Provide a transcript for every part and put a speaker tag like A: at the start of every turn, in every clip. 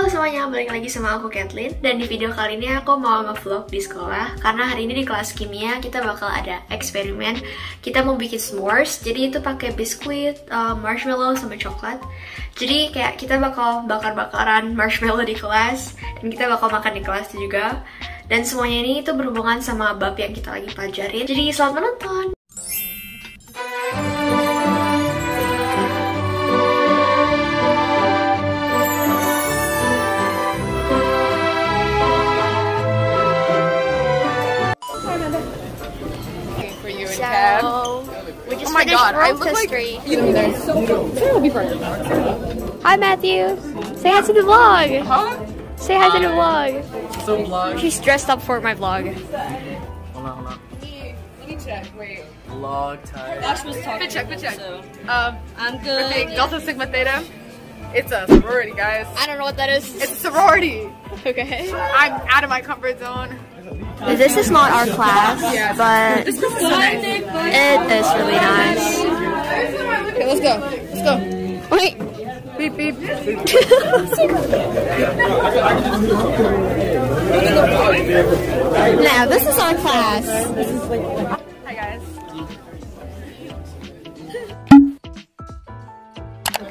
A: Halo semuanya, balik lagi sama aku Kathleen Dan di video kali ini aku mau nge-vlog di sekolah Karena hari ini di kelas kimia kita bakal ada eksperimen Kita mau bikin s'mores, jadi itu pakai biskuit, uh, marshmallow, sama coklat Jadi kayak kita bakal bakar-bakaran marshmallow di kelas Dan kita bakal makan di kelas juga Dan semuanya ini itu berhubungan sama bab yang kita lagi pelajarin Jadi selamat menonton! oh my god, I look history. like you know, so cool. be friends. Hi Matthew. Say hi to the vlog. Huh? Say hi, hi. to the vlog. So vlog. She's dressed up for my vlog. Hold on, hold on. Let me check. Wait. Vlog time. Ash was talking. check, check. So. Um, I'm good. Delta Sigma Theta. It's a sorority, guys. I don't know what that is. It's a sorority. Okay. I'm out of my comfort zone. This is not our class, but it is really nice. Okay, let's go. Let's go. Wait. Beep beep. now this is our class.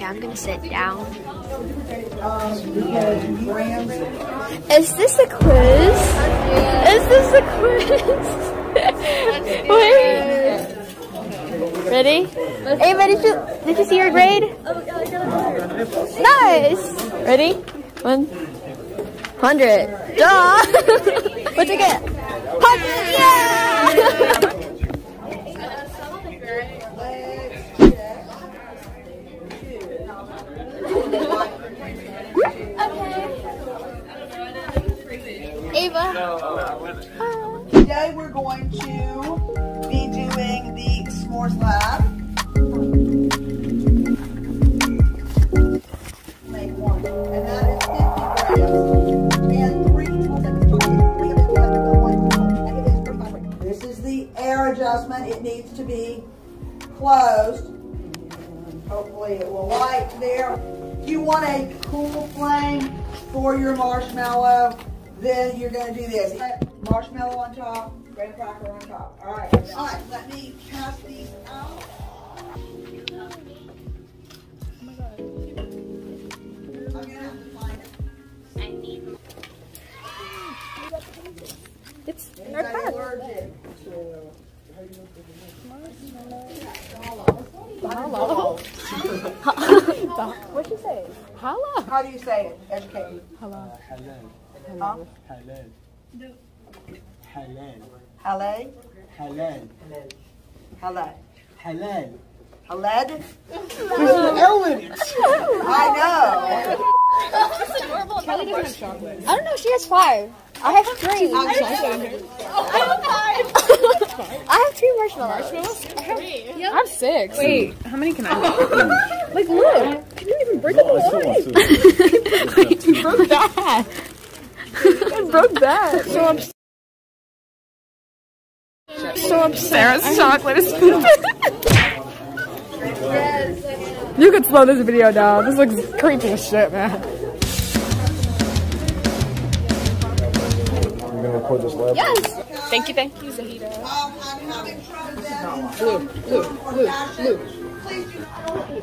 A: I'm gonna sit down. Is this a quiz? Is this a quiz? Wait. Ready? Ava, did you did you see your grade? Nice. Ready? One hundred. Duh. What'd you get? Hundred. Yeah. Okay. Ava. Hi. Today we're going to be doing the s'mores lab. This is the air adjustment. It needs to be closed Hopefully it will light there. If you want a cool flame for your marshmallow, then you're gonna do this. Marshmallow on top, graham cracker on top. All right, all right, let me cast these out. It's allergic to... Marshmallow. Marshmallow what she say? Hello. How do you say it? Educate me. Hello. Halal. Halal. Halal. Halal. Halal. Halal. Halal. Halal. There's an L in it. I know. Kelly does I don't know. She has five. I have three. have five. I have three marshmallows. I have, I have six. Wait, how many can I have? like, look. Can you even break no, oh, up the line? you broke that. I broke that. So I'm so upset. Sarah's chocolate is stupid. you could slow this video down. This looks creepy as shit, man. gonna record this live. Yes. Thank you, thank you, Zahida. Blue, blue, blue, blue.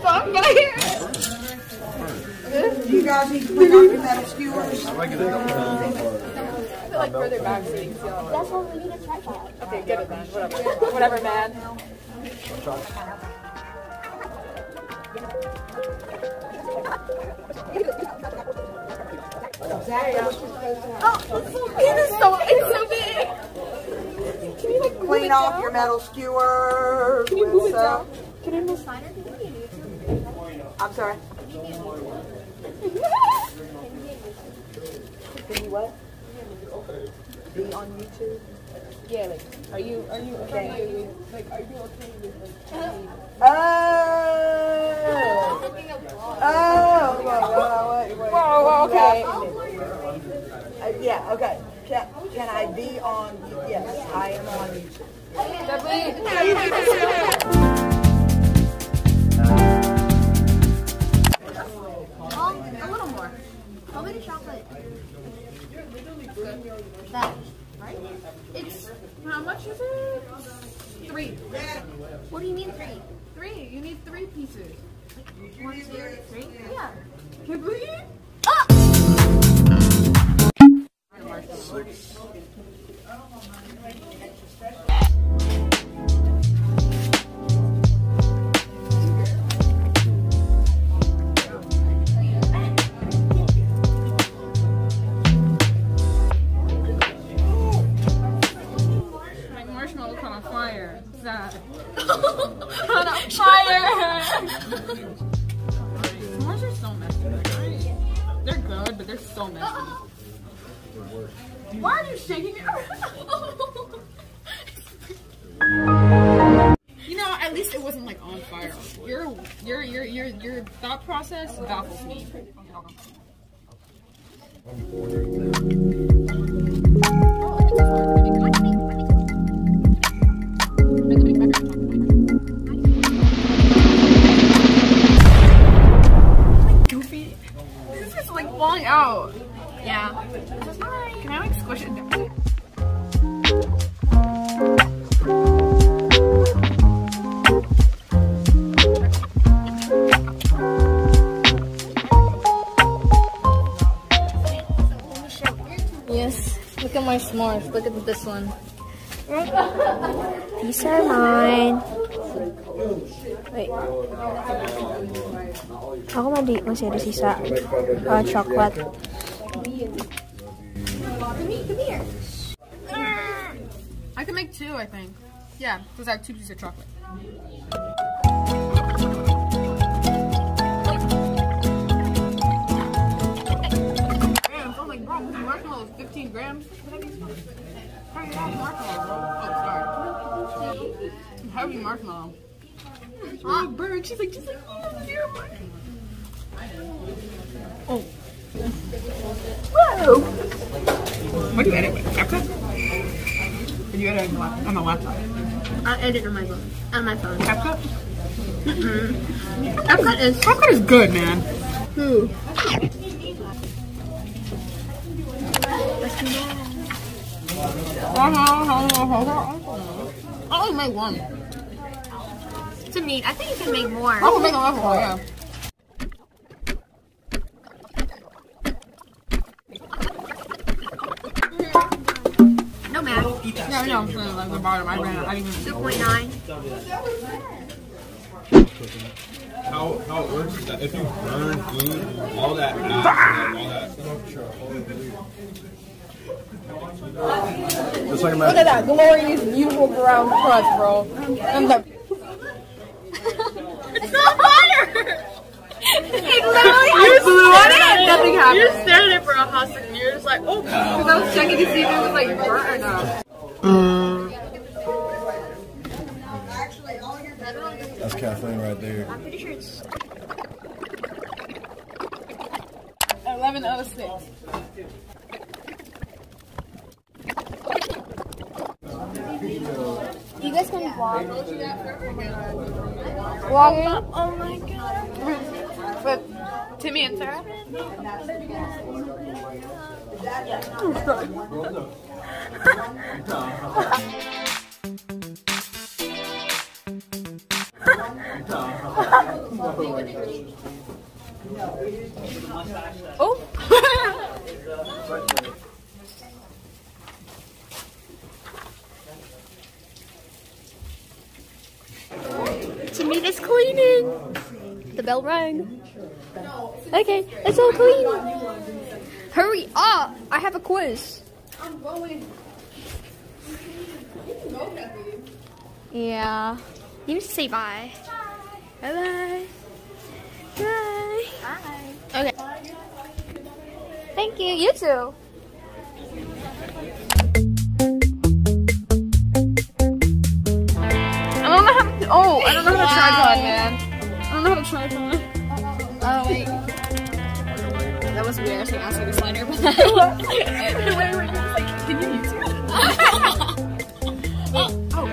A: So I'm gonna hear it. You guys need to put out the metal skewers. I
B: feel like further back so you can
A: see it. That's why we need a tripod. Okay, get it then. Whatever. Whatever, man. Thank Oh, it's so It's so, big. Can you like move Clean off down? your metal skewer. Can you move it down? Can I move finer? I'm sorry. Can you what? Be on YouTube? Yeah, like, are you, are you okay, like, are you okay with, like, uh, Oh, whoa, okay. yeah, okay. Can, can I be on? Yes, I am on. Yeah. Can you believe Six. on fire. What's that? on fire! so messy. Why are you shaking it around? you know, at least it wasn't like on fire. Your your your your your thought process baffles me. out. Yeah. Can I like squish it down? Yes. Look at my Smurf. Look at this one. These are mine. Wait. Ako madi masih ada sisa uh, ah, coklat. I can make two, I think. Yeah, because I have two pieces of chocolate. Damn, like, bro, 15 grams. Hey, marshmallow, bro. Oh, sorry. Heavy marshmallow. Ah, bird. She's like, just like, oh. Oh. Whoa! What do you edit with? CapCut? Did you edit on the laptop? I edit on my phone. On my phone. CapCut? Mm-mm. CapCut is... CapCut is good, man. Who? Uh-huh, uh-huh, uh-huh, I only made one. To me, I think you can make more. I can make lot more. yeah. No math. No, no, I'm like the bottom. I ran out. I even. 2.9 how how it works is that if you burn food, all that all that. Just like Look at that glorious, beautiful brown crust, bro. I'm it's not butter! it literally, you blew on it nothing happened. You stared at it for a hot second. You're just like, oh. Because I was checking to see if it was like burnt or not. That's Kathleen right there. I'm pretty sure it's... 1106. Walking. Oh my god. With Timmy and Sarah? oh! Queen is cleaning. The bell rang. Okay, let's all clean. Hurry up! I have a quiz. I'm going. Yeah. You need to say bye. Bye. Bye. Bye. Bye. Okay. Thank you. You too. Oh, I don't know how to tripod, man. I don't know how to tripod. Oh, wait. That was weird. I was like, asking a slider, but then... wait, Like, can you use it? oh.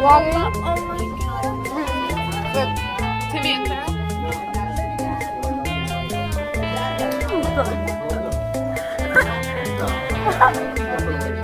A: Walk up. Timmy and Sarah?